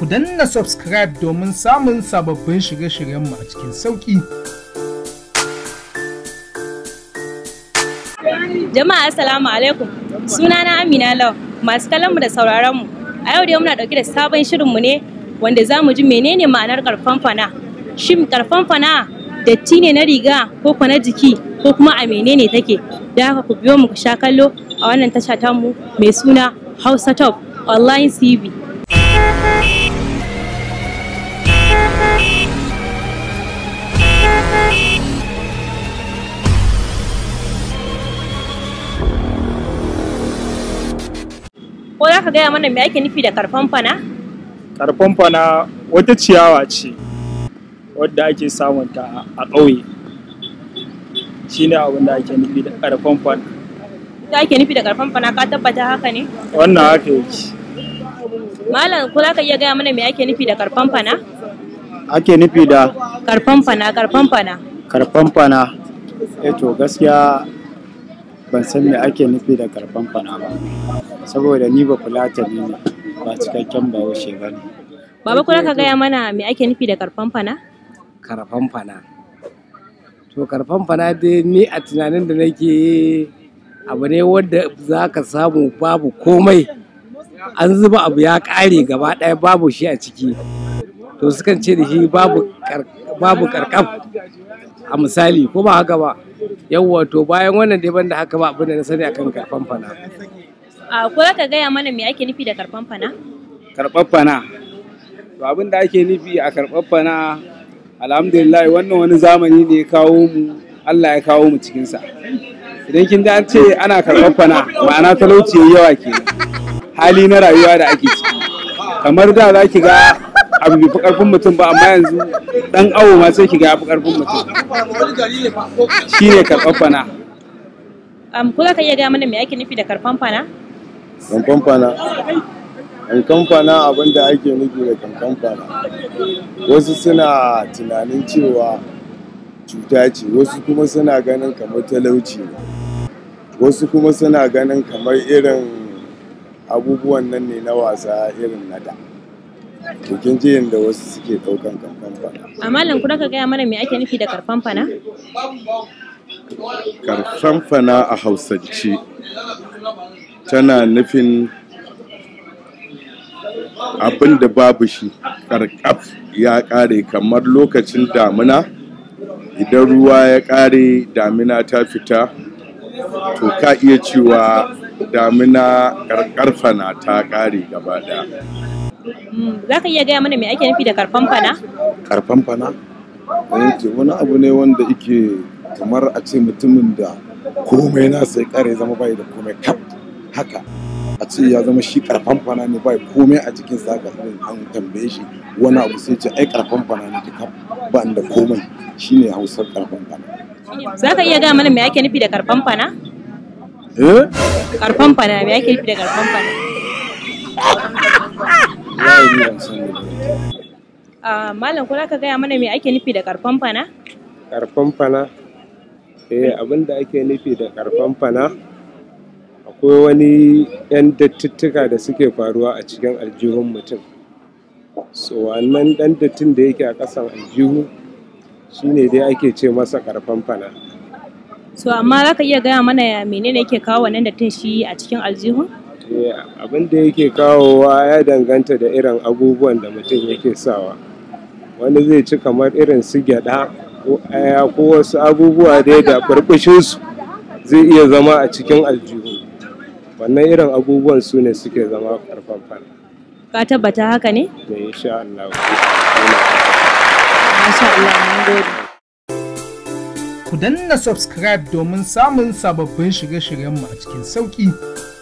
ku danna subscribe domin samun sababbin shirye-shiryenmu a cikin sauƙi. Jama'a Assalamu alaikum sunana Amina Lau masu kallonmu da sauraronmu a yau dai muna ɗauke da sabon shirinmu ne wanda za mu ji menene ma'anar karfan fana. Shin karfan fana datti ne na riga ko kwana jiki ko kuma a menene take da haka ku biyo mu ku sha kallo a wannan tasha tamu mai suna Hausa Top online cv ko za ka gaya mana me ake nufi da karfan fana? Karfan fana wata ciyawa ce wadda ake samunta a ƙauye. Shi ne abin da ake nufi da karfan fana. Ta ake nufi da karfan fana ka tabbata haka ne? Wannan haka yake. Malam ko za ka iya gaya mana me ake nufi da karfan fana? Ake nufi da? Karfan fana, karfan fana. Karfan fana. Eto eh to gaskiya ban san me ake nufi da karfan fana ba saboda ni ba fulatani ne ba cikakken bahaushe ba ne baba kuna ka gaya mana me ake nufi da karfan fana karfan fana to karfan fana dai ni a tunanin da nake abu ne wanda za ka samu babu komai an zuba abu ya ƙare gaba ɗaya babu shi a ciki to sukan ce da shi babu karkaf a misali ko ba haka ba yawwa to bayan wannan dai banda haka ba abin da na sani akan karfan fana a ko ka gaya mana me ake nufi da karfan fana karfan fana to abin da ake nufi a karfan fana alhamdulillah wannan wani zamani ne ya kawo mu Allah ya kawo mu cikin sa idan kin da an ce ana karfan fana ma'ana talauci yawa ke. hali na rayuwa da ake ciki kamar da zaki ga abu bi fi karfin mutum ba amma yanzu dan awo ma sai kiga ya fi karfin mutum shine karɓar fana am kula ka iya gaya mana me yake nufi da karfan fana karfan fana kankan fana abin da ake nufi da karfan fana wasu suna tunanin cewa cuta ce wasu kuma suna ganin kamar talauci ne wasu kuma suna ganin kamar irin abubuwan nan ne na wasa irin nada da to kin ji yadda wasu suke ɗaukan karfan fana a ku kuna ka gaya mana me ake nufi da karfan fana karfan fana a hausance tana nufin abin da babu shi karkaf ya ƙare kamar lokacin damina idan ruwa ya ƙare damina ta fita to ka iya cewa damina fana ta ƙare gaba ɗaya Hmm. Za ka iya gaya mana me ake nufi da karfan fana? Karfan fana? Eh, wani abu ne wanda ike kamar a ce mutumin da komai na sai kare zama bai da komai kaf haka. a ce ya zama shi karfan fana ne bai komai a cikin sa ga an tambaye shi wani abu sai ce ai karfan fana ne duka ba da komai shine hausar karfan fana za ka iya gaya mana me ake nufi da karfan fana eh karfan fana me ake nufi da karfan fana Ah! Ah, Malam kuna ka gaya mana me ake nufi da karfan fana? Karfan fana? Eh abin da ake nufi da karfan fana akwai wani 'yan dattuttuka da suke faruwa a cikin aljihun mutum. So wannan ɗan dattin da yake a ƙasan aljihu shine dai ake ce masa karfan fana. So amma za ka iya gaya mana menene yake kawo wannan dattin shi a cikin aljihun? abin da yake kawowa ya danganta da irin abubuwan da mutum yake sawa wani zai ci kamar irin su gyada ko aya ko wasu abubuwa dai da burbushinsu zai iya zama a cikin aljihu wannan irin abubuwan su ne suke zama karfafan ka tabbata haka ne? da Allah ku danna subscribe domin samun sababbin shirye shiryen mu a cikin sauƙi